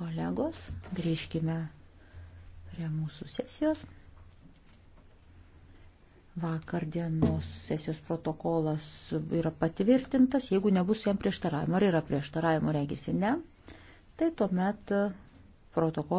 Kolegos, grįžkime prie mūsų sesijos. Vakar dienos sesijos protokolas yra patvirtintas, jeigu nebus jam prieštaravimo. Ar yra prieštaravimo, regisi ne, tai tuomet protokolas.